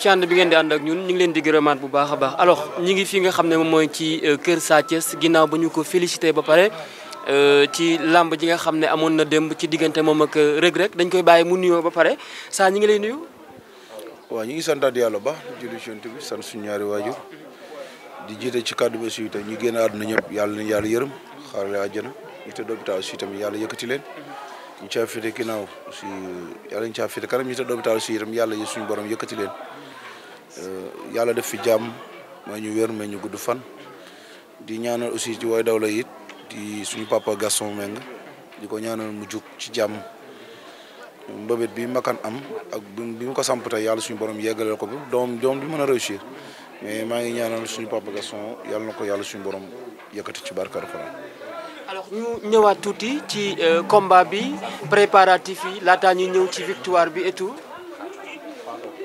jërëjëf ci ànd bi ngeen di ànd ak ñun ñu ngi leen di gërëmaat bu baax a baax alors ñi ngi fi nga xam ne moom mooy ci euh, kër Sa Thiès ginnaaw ba ñu ko félicité ba pare euh, ci làmb ji nga xam ne amoon na démb ci diggante moom ak euh, Reug rek dañ koy bàyyi mu nuyoo ba pare saa ñu ngi lay nuyu. waaw ñu ngi santaat yàlla baax di julli ci Yonent bi sant suñu di jiite ci kàddu ba suy tam ñu génn àdduna ñëpp yàlla na yàlla yërëm xaarale àjjana ñu tëdd hôpital aussi tamit yàlla yëkkati leen ñu caa féete ginnaaw aussi yàlla ñu caa féete kanam ñu tëdd hôpital aussi itam yàlla suñu borom yëkkati leen Euh, yàlla def fi jàmm may ñu wér may ñu gudd fan di ñaanal aussi ci way dawla it di suñu papa Gaston Mbengue di ko ñaanal mu ci jàmm mbëbët bi makan am ak bi mu ko samp yàlla suñu borom yeggalal ko bi doom doom bi mën a réussir mais maa ngi ñaanal suñu papa Gaston yàlla na ko yàlla suñu borom yëkkati ci barkar Alxuraan alors ñu ñëwaat tuuti ci euh, combat bi préparatif yi laataa ñu ñëw ci victoire bi et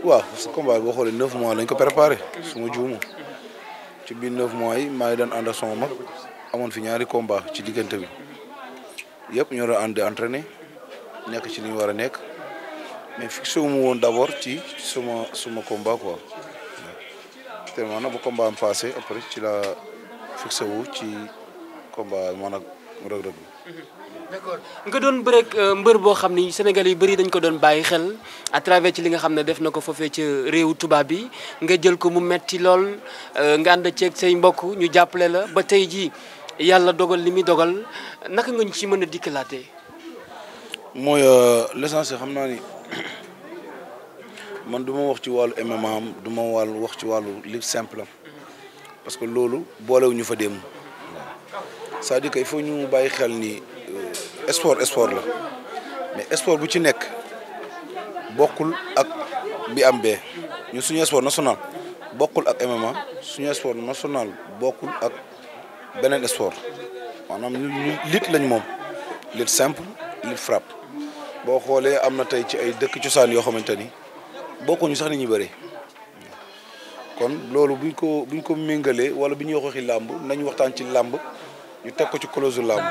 waaw parce que boo xoolee neuf mois lañ ko préparé suma ma juumu ci biir neuf mois yi maa ngi daan ànd ak sama mag amoon fi ñaari combat ci diggante bi yëpp ñoo doon ànd entraîné nekk ci li ñu war a nekk mais fixé wu mu woon d'abord ci suma suma combat quoi tellement nag bu combat am passé après ci la fixé wu ci combat man ak rëg d'accord nga doon bëreeg euh, mbër boo xam ni Sénégal yu bëri dañ ko doon bàyyi xel à travers ci li nga xam ne def na ko foofee ci réewu tubaab bi nga jël ko mu metti lool euh, nga ànd ceeg say mbokk ñu jàppale la ba tey jii yàlla dogal li muy dogal naka nga ñu ci mën a dikkalaatee. mooy euh, l'essentiel xam naa ni man du ma wax ci wàllu MMA du ma wàllu wax ci wàllu li simple am parce loolu boolewuñu fa dem. c'est-à-dire ñu bàyyi xel ni sport sport la mais sport bu ci nekk bokkul ak bi am bee ñun suñu sport national bokkul ak MMA suñu sport national bokkul ak beneen sport maanaam ñu lutte lañ moom lutte simple lutte frappe boo xoolee am na tey ci ay dëkk cosaan yoo xamante ni bokkuñu sax ni ñuy bëri kon loolu buñ ko buñ ko méngalee wala bu ñuy wax waxi làmb nañu waxtaan ci làmb ñu teg ko ci close làmb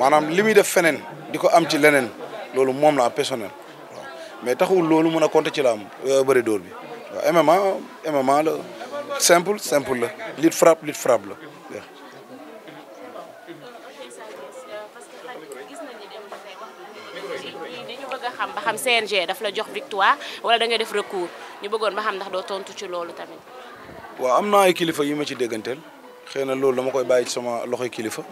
maanaam li muy def feneen di ko am ci leneen loolu moom la am personnel waaw mais taxul loolu mën a compter ci la am euh, bëri bi waaw MMA MMA la simple simple la lutte frappe lutte frappe la ba xam CNG daf la jox victoire wala da nga def recours ñu bëggoon ba xam ndax doo tontu ci loolu tamit. waaw am na ay kilifa yi ma ci dégganteel xëy na loolu dama koy bàyyi ci sama loxoy kilifa.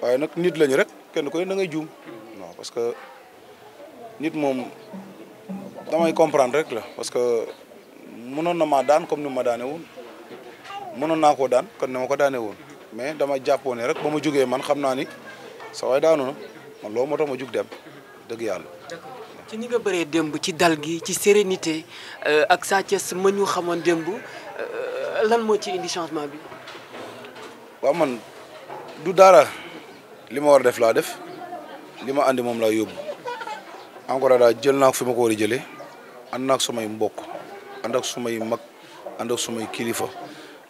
waaye nag nit lañu rek kenn ku ne da ngay juum non parce que nit moom damay comprendre rek la parce que mënoon na maa daan comme ni ma daane woon mënoon naa koo daan kon ni ma ko daane woon mais dama jàppoon ne rek ba ma jugee man xam naa ni soo waay daanu ma man loolu moo tax ma jug dem dëgg yàlla. ci ni nga bëree démb ci dal gi ci sérénité euh, ak Sa Thiès ma ñu xamoon démb euh, lan moo ci indi changement bi. waaw man du dara li ma war a def laa def li ma andi moom lay yóbbu encore daal jël naa fi ma ko war a jëlee ànd naa ak sumay mbokk ànd ak sumay mag ànd ak sumay kilifa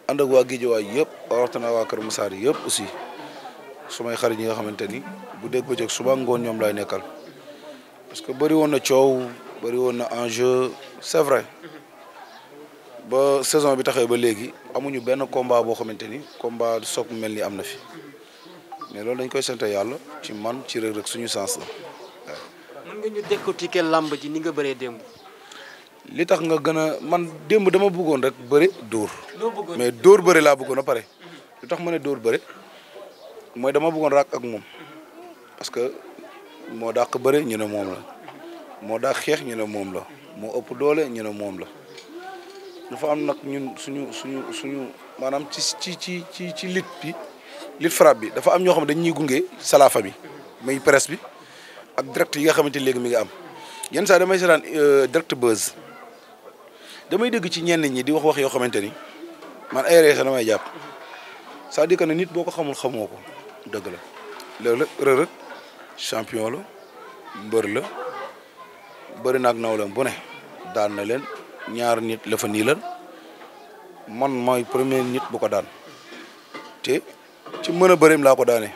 ànd ak waa Guédiawaye yëpp rawatina waa Kër Massar yëpp aussi may xarit yi nga xamante ni bu dégg bëccëg suba ngoon ñoom laay nekkal parce que bari woon na coow bari woon na enjeu c'est vrai ba saison bi taxee ba léegi amuñu benn combat boo xamante ni combat soog mel ni am na fi. mais loolu dañ koy sant yàlla ci man ci Reug Reug suñu sens la waaw. mën nga ñu làmb ji ni nga bëree démb. li tax nga gën a man démb dama buggoon rek bëri dóor. mais dóor bëri laa bëggoon a pare. lu tax ma ne dóor bëri mooy dama bëggoon raak ak moom parce que moo dàq bëri ñu ne moom la moo dàq xeex ñu ne moom la moo ëpp doole ñu ne moom la dafa am nag ñun suñu suñu suñu maanaam ci ci ci ci ci lit bi. lutte frappe bi dafa am ñoo xam ne dañuy gunge salaafa bi muy presse bi ak direct yi nga xamante léegi mi ngi am yenn saa may seetaan euh, direct buzz damay dégg ci ñenn ñii di wax wax yoo xamante ni man ay rees damay jàpp cest à na nit boo ko xamul xamoo ko dëgg la loolu Reug la mbër la bëri naag nawlam bu ne daan na leen ñaar nit la fa nii man mooy premier nit bu ko daan te ci mën a bëreem laa ko daane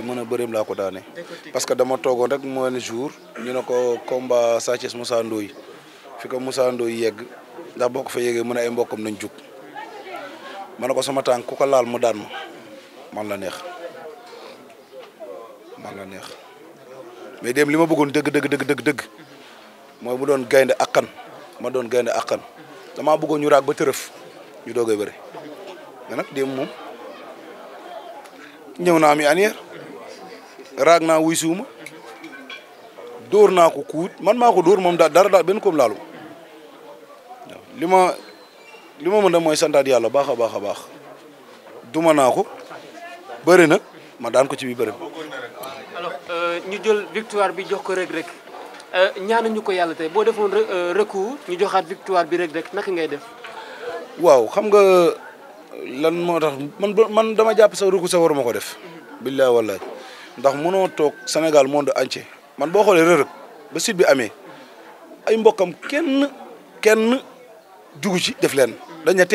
mën a bëreem laa ko daane parce que dama toogoon rek moyen jour ñu ne ko combat Sa Thiès Moussa Ndoye fi ko Moussa Ndoye yegg ndax boo ko fa yeggee mën a ay mbokkam nañ jug ma ne ko sama tànk ku ko laal mu daan ma man la neex ma la neex mais dem li ma bëggoon dëgg dëgg dëgg dëgg dëgg mooy mu doon gaynde akkan ma doon gaynde akkan dama bëggoon ñu ba tërëf ñu doogay bëri mais nag démb moom ñëw naa mi anière raag naa wuy siwuma dóor naa ko kuut man maa ko dóor moom daal dara daal benn koom laalu li ma li ma mën a mooy santaat yàlla baax a baax a baax duma naa ko bëri na ma daan ko ci bi bëri euh, ñu jël victoire bi jox ko rek Reug Reug euh, ñu ko yàlla tey boo defoon euh, recours ñu joxaat victoire bi rek rek naka ngay def waaw xam nga lan moo tax man man dama jàpp sax ruku sa waruma ko def. Mhm. billaay wallaay ndax mënoo toog Sénégal monde entier man boo xoolee rërëb ba site bi amee ay mbokkam kenn kenn jugu ci def leen dañ a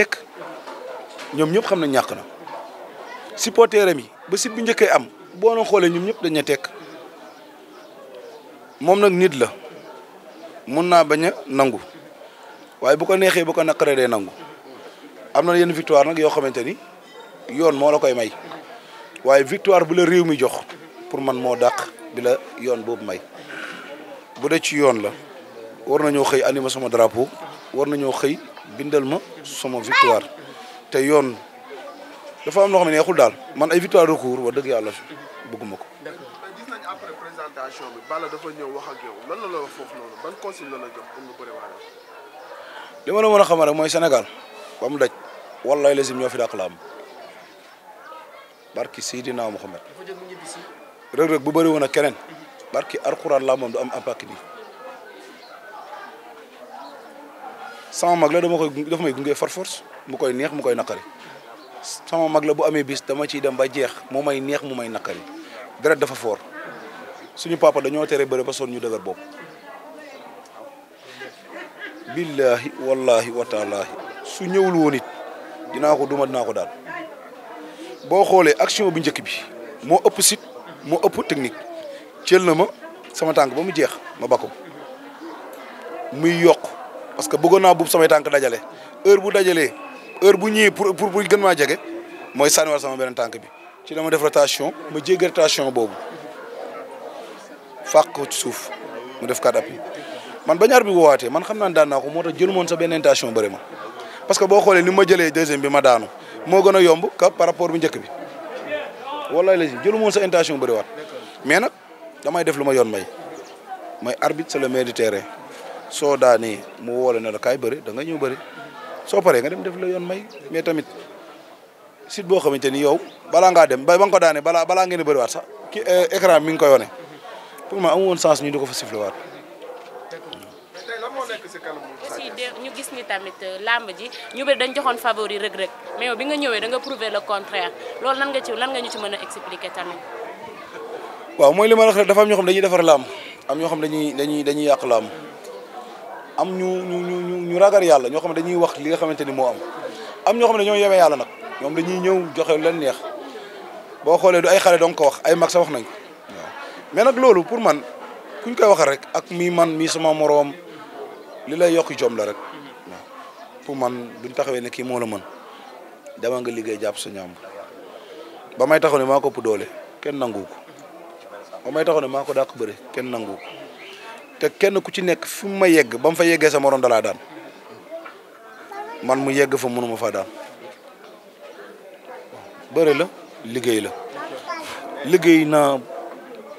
ñoom ñëpp xam na ñàkk na supporteram yi ba site bi njëkkee am boo na xoolee ñoom ñëpp dañ a tekk moom nag nit la mun naa bañ a nangu waaye bu ko neexee bu ko naqaree day nangu. am na yenn victoire nag yoo xamante ni yoon moo la koy may waaye victoire bu la réew mi jox pour man moo dàq bi la yoon boobu may bu dee ci yoon la war na nañoo xëy animer sama drapeau war na nañoo xëy bindal ma sama victoire te yoon dafa am loo xam ne neexul daal man ay victoire recours wax dëgg yàlla bëgguma ko. après présentation bi Balla dafa ñëw wax ak yow la la wax foofu noonu ban conseil la la jox li ma la mën a xamal rek mooy Sénégal ba daj wallaay lazim ñoo fi dàq làmb barki Seydina Mohamed Reug Reug bu bëri woon ak keneen barki alxuraan làmbam du am impact nii sama mag la dama koy dafa may gunge far force mu koy neex mu koy naqari sama mag la bu amee bis dama ciy dem ba jeex mu may neex mu may naqari deret dafa foor suñu papa dañoo tere bëre ba son ñu dëgër bopp billaahi wallaahi wataalaahi su ñëwul woon dinaa ko duma dinaa ko daal boo xoolee action bu njëkk bi moo ëpp sit moo ëpp technique cël na ma sama tànk ba mu jeex ma bakko muy yokk parce que bëggoon naa buub samay tànk dajale heure bu dajalee heure bu ñëwee pour pour pour gën maa jege mooy sànniwaat sama beneen tànk bi ci dama def rotation ma jéggi rotation boobu fàq ko ci suuf mu def quatre appuis man bañaar bi woowaatee man xam naa ne daan naa ko moo tax jël moon sa benn intention bëri ma parce que boo xoolee ni ma jëlee deuxième bi ma daanu moo gën a yomb ka par rapport bu njëkk bi wallaay la jëlu moon sa intention bëriwaat mais nag damay def lu ma yoon may may arbitre c'est le maire du soo daanee mu woole ne la kaay bëri da nga ñëw bëri soo pare nga dem def la yoon may mais tamit site boo xamante ni yow balaa ngaa dem ba ba ko daanee balaa balaa ngeen a bëriwaat sax ki eh, écran mi ngi ko yoone pour moi amu woon sens ñu di ko fa waat gis tamit euh, làmb ji ñu bëri dañ joxoon favori Reug Reug mais yow bi nga ñëwee da nga prouver le contraire loolu nan nga ci lan nga ñu ci mën a expliquer tamit. waaw mooy li ma la wax dafa am ñoo xam dañuy defar làmb am ñoo xam dañuy dañuy dañuy yàq làmb am ñu ñu ñu ñu ragal yàlla ñoo xam dañuy wax li nga xamante ni moo am am ñoo xam ne ñoo yemee yàlla nag ñoom dañuy ñëw joxe leen neex boo xoolee du ay xale dong wax ay max sa wax nañ ko mais nag loolu pour man kuñ koy waxee rek ak mii man mii sama moroom li lay yokk jom la rek pour man duñ taxawee ne kii moo la mën dama nga liggéey jàpp sa ñàmb ba may taxaw maa ko ëpp doole kenn nangu ko ba may taxaw maa ko dàq bëre kenn nangu te kenn ku ci nekk fi mu ma yegg ba mu fa yeggee sa morom dalaa daan man mu yegg fa mënuma faa daan bëre la liggéey la liggéey naa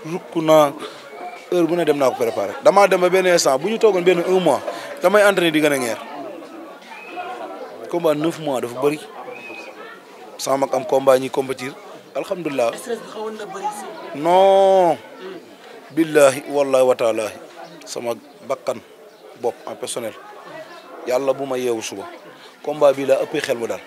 rukk naa heure bu ne dem naa ko préparé damaa dem ba benn instant bu ñu toogoon benn un mois damay entraîné di gën a ngeer combat neuf mois dafa bëri sama mag am combat ñuy non. billahi wallahi wa taalahi sama bakkan bopp en personnel yàlla bu ma yeewu suba combat bi laa ëppee xel ma daal.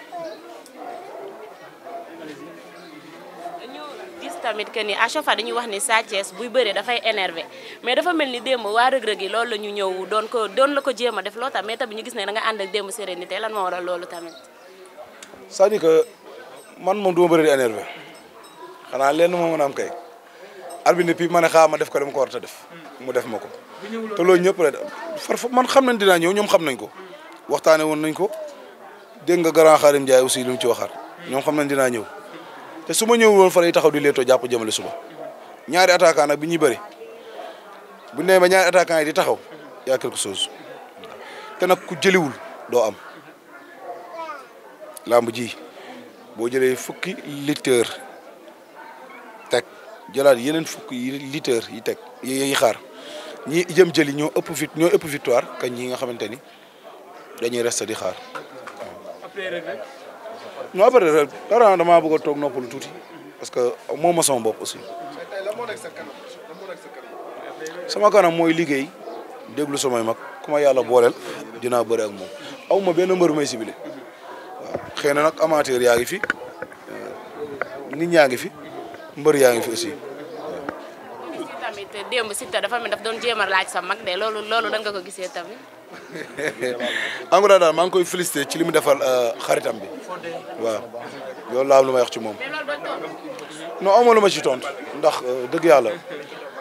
tamit que ni à chaque fois wax ni Sa Thiès buy bëree dafay énervé mais dafa mel ni démb waa rëg-rëg yi loolu la ñu ñëw doon ko doon la ko jéem a def loo tax da nga ànd ak démb sérénité loolu tamit. cest à man moom du ma bëri di énervé xanaa lenn moo mën a am kay. arbitre bi ma ne xaa ma def ko dama ko war a def. mu def ma ko. te loolu ñëpp la farfa man xam nañ dinaa ñëw ñoom xam nañ ko. waxtaane woon nañ ko dégg nga grand Xarim Ndiaye aussi lu mu ci waxaat ñoom xam nañ dinaa ñëw. te su ma ñëwul woon fa lay taxaw di leetoo jàpp jëmale suba ñaari attaquant nag bi ñuy bëri bu ñu ba ñaari attaquant yi di taxaw yaa quelque chose te nag ku jëliwul doo am làmb ji boo jëlee fukki litre teg jëlaat yeneen fukki litre yi teg yi xaar ñi jëm jëli ñoo ëpp vit ñoo ëpp victoire kañ ñi nga xamante ni dañuy rester di xaar. non après dara damaa bëgg a toog noppalu tuuti parce que moo ma sama bopp aussi. sama kanam mooy liggéey déglu samay mag ku yàlla booleel dinaa bëri ak moom aw ma benn mbër may sibile waaw xëy na nag amateur yaa ngi fi euh, nit ñaa ngi fi mbër yaa ngi fi aussi. tamit démb Siteu dafa mel daf doon jéem a laaj sa mag de loolu loolu da nga ko gisee tamit. Engueda daal maa ngi koy félicité ci li mu defal euh, xaritam bi waaw loolu laa am lu may ci moom non amoo lu ma ci tontu ndax euh, dëgg yàlla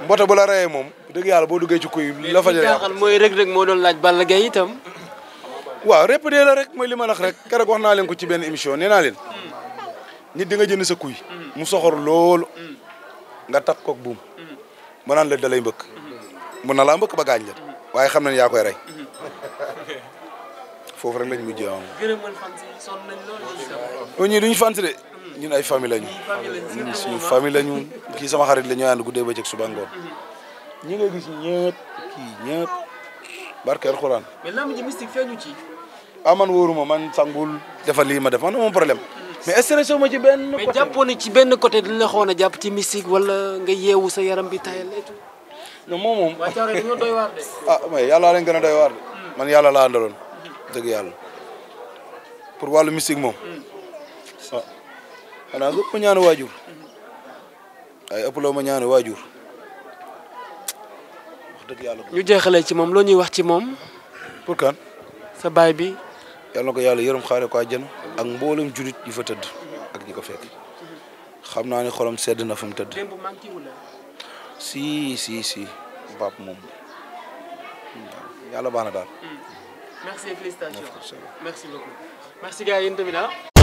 mboota bu la reyee moom dëgg yàlla boo duggee ci kuy la fa jëlee mooy Reug Reug moo doon laaj Balla Gaye itam waaw répp dee rek mooy li ma wax rek keroog wax naa leen ko ci benn émission nee naa leen nit di nga jënd sa kuy mu soxor loolu nga takk buum ma naan la dalay mbëkk mun na laa mbëkk ba gaañ la waaye xam na yaa koy rey foofu rek lañ mujjee am. gërëm woon fans yi sonn nañ lool. ñii duñu fans de hmm. ñun ay famille lañu. ñun suñu famille lañu. Ah. kii sama xarit la ñu ànd guddee bëccëg suba ngoon. Hmm. ñi nga gis ñëpp kii ñëpp barke alxuraan. mais lamb ci. ah man wóoruma man sangul defal lii ma def man amoon problème. Hmm. mais est-ce ma ci benn côté mais ci benn côté dañ la xoon a jàpp ci mystique wala nga yeewu sa yaram bi tayal et tout. moom moom. ah mais yàlla leen gën a doy waar de. man yàlla laa àndaloon dëgg yàlla pour wàllu mystique moom waaw xanaa ma ñaanu waajur waaye ëpp loo ma ñaanu waajur dëgg yàlla. ñu jeexalee ci moom loo ñuy wax ci moom. pour kan. sa baay bi. yàlla na ko yàlla yërëm xaare ko àjjana ak mboolem julit yi fa tëdd ak ñi ko fekk xam naa ni xolam sedd na fa mu tëdd. si si si Pape moom. yàlla baax na daal. Hmm. merci félicitations merci beaucoup merci gars yi yéen tamit ah.